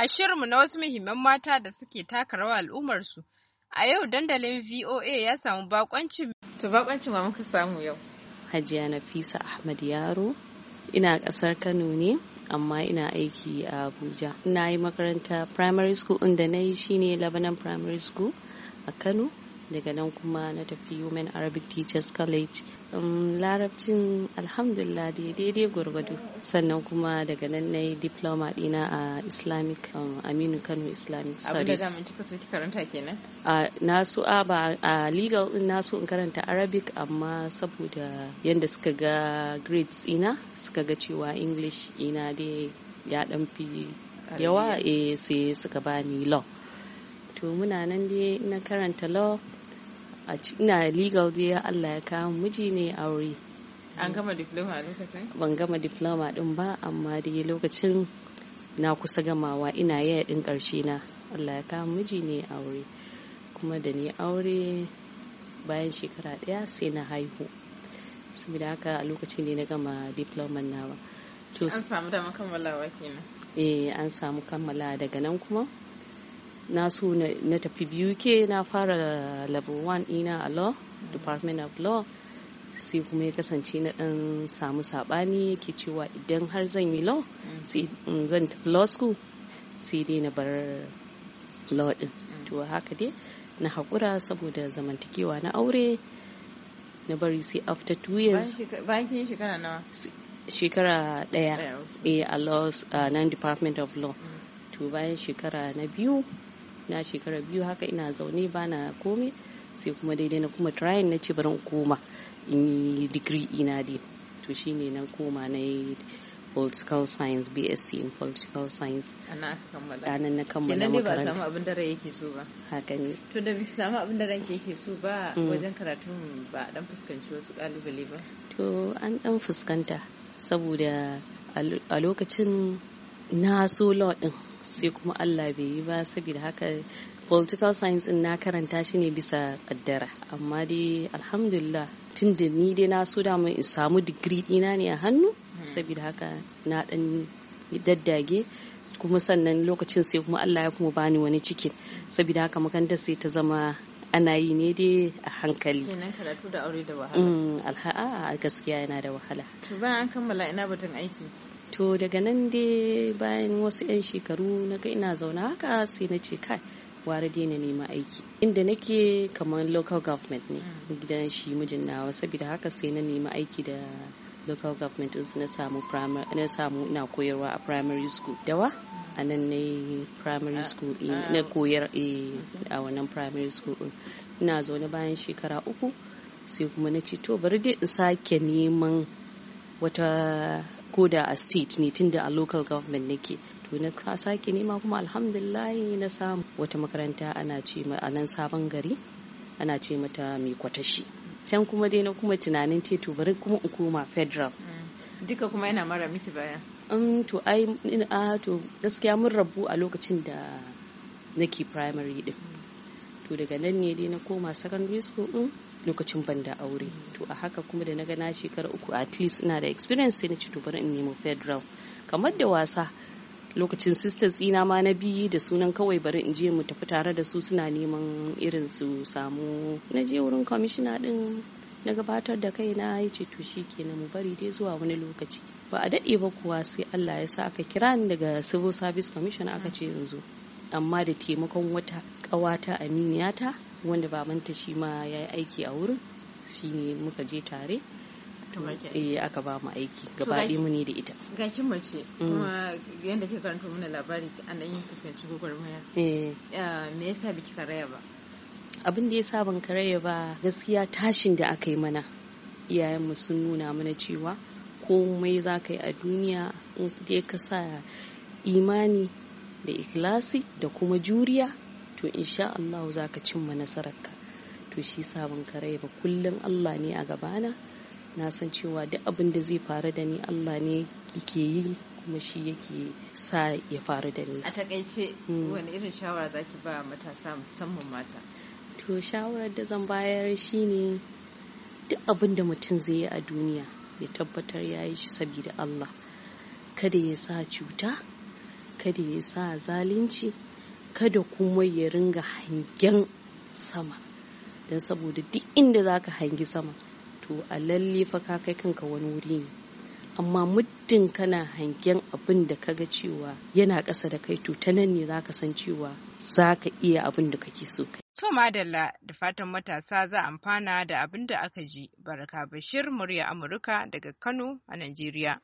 a shirinmu na wasu muhimman mata da suke taka rawa al'ummarsu. A yau dandalin VOA ya samu bakoncin. To bakoncin wa muka samu yau. Hajiya Nafisa Ahmad Yaro, ina ƙasar Kano ne, amma ina aiki a Abuja. Na yi makaranta primary school inda na yi shine Lebanon primary school a Kano. daga nan kuma na tafi women arabic teachers college um, larabcin alhamdulillah daidai gwargwado sannan kuma daga nan na yi diploma dina a islamic um, aminu kano islamic studies abin da karanta kenan na su a ba legal na su in karanta arabic amma saboda yadda suka ga grades ina suka ga cewa english ina dai ya dan fi yawa eh sai suka bani law to muna nan dai na karanta law a ina legal dai Allah ya kawo miji ne aure an gama diploma a lokacin ban gama diploma din ba amma dai lokacin na kusa gamawa ina yaya din karshe na Allah ya kawo miji ne aure kuma da ni aure bayan shekara daya sai na haihu saboda haka a lokacin ne na gama diploma nawa an samu dama kammalawa kenan eh an samu kammala daga nan kuma na so na tafi uk na fara level 1 ina a law department of law sai kuma ya kasance na dan samu sabani yake cewa idan har zan yi law mm. sai zan tafi law school sai dai na bar law din mm. to haka dai na haƙura saboda zamantakewa na aure na bari sai after two years bayan kin shekara nawa shekara ɗaya eh, a law nan department of law mm. to bayan shekara na biyu na shekara biyu haka ina zaune bana komai sai kuma daidai na kuma trying na ce bari in koma in yi digiri ina dai to shine na koma na yi political science bsc in political science Ana na kammala makaranta ba abin da rai yake so ba haka ne to da bisa samu abin da ranki yake so ba mm. wajen karatun ba dan fuskanci wasu kalubale ba to an dan fuskanta saboda a lokacin na so law din sai kuma Allah bai yi ba saboda haka political science in na karanta shi ne bisa kaddara amma dai alhamdulillah tun da ni dai na so dama in samu digiri dina ne a hannu saboda haka na dan daddage kuma sannan lokacin sai kuma Allah ya kuma bani wani cikin saboda haka makaranta sai ta zama ana yi ne dai a hankali kenan karatu da aure da wahala mm, alha'a gaskiya yana da wahala to bayan an kammala ina batun aiki to daga nan dai bayan wasu 'yan shekaru na ga ina zaune haka sai na ce kai ware daina nema aiki inda nake kamar local government ne gidan shi mijin nawa saboda haka sai na nema aiki da local government na samu na samu ina koyarwa a primary school dawa a nan ne primary school eh, na koyar eh, a wannan primary school ina zaune bayan shekara uku sai kuma na ce to bari dai in sake neman wata ko da a state ne tun da a local government nake to na sake nema kuma alhamdulillahi na samu wata makaranta ana ce a nan sabon gari ana ce mata mai kwatashi can kuma dai na kuma tunanin teto bari kuma in koma federal mm. duka kuma yana mara miki baya um, to ai ah, to gaskiya mun rabu a lokacin da nake primary din to daga nan ne dai na koma secondary school din lokacin ban da aure to a haka kuma da na ga na shekara uku at least ina da experience sai na ci to bari in nemo federal kamar da wasa lokacin sisters ina ma na biyi da sunan kawai bari in je mu tafi tare da su suna neman irin su samu na je wurin kwamishina din na gabatar da kai na yi ce to kenan mu bari dai zuwa wani lokaci ba a daɗe ba kuwa sai Allah ya sa aka kira ni daga civil service commission aka ce yanzu amma da taimakon wata ƙawata aminiyata wanda babanta shi ma ya yi aiki a wurin shine muka je tare eh aka ba mu aiki gabaɗe mu ne da ita Gashin mace mm. kuma yadda ke karanta mana labari a nan yin fuskanci gwagwarmaya eh me yasa biki karaya ba abin da ya sa ban karaya ba gaskiya tashin da aka yi mana iyayenmu sun nuna mana cewa komai za ka yi a duniya in dai ka sa imani da ikilasi da kuma juriya to insha Allah za ka cimma nasararka to shi sabon kare ba kullum Allah ne a gabana na san cewa duk abin da zai faru da ni Allah ne kike yi kuma shi yake sa ya faru da ni a takaice hmm. wani irin shawara zaki ba matasa musamman mata to shawarar da zan bayar shine duk abin da mutum zai yi a duniya ya tabbatar ya yi shi sabida Allah kada ya sa cuta kada ya sa zalunci kada kuma ya ringa hangen sama don saboda duk inda za ka hangi sama to a lalle fa ka kai kanka wani wuri ne amma muddin kana hangen abin da kaga cewa yana ƙasa da kai to ta nan ne zaka san cewa zaka iya abin da kake so kai to madalla da fatan matasa za amfana da abin da aka ji baraka bashir murya amurka daga kano a najeriya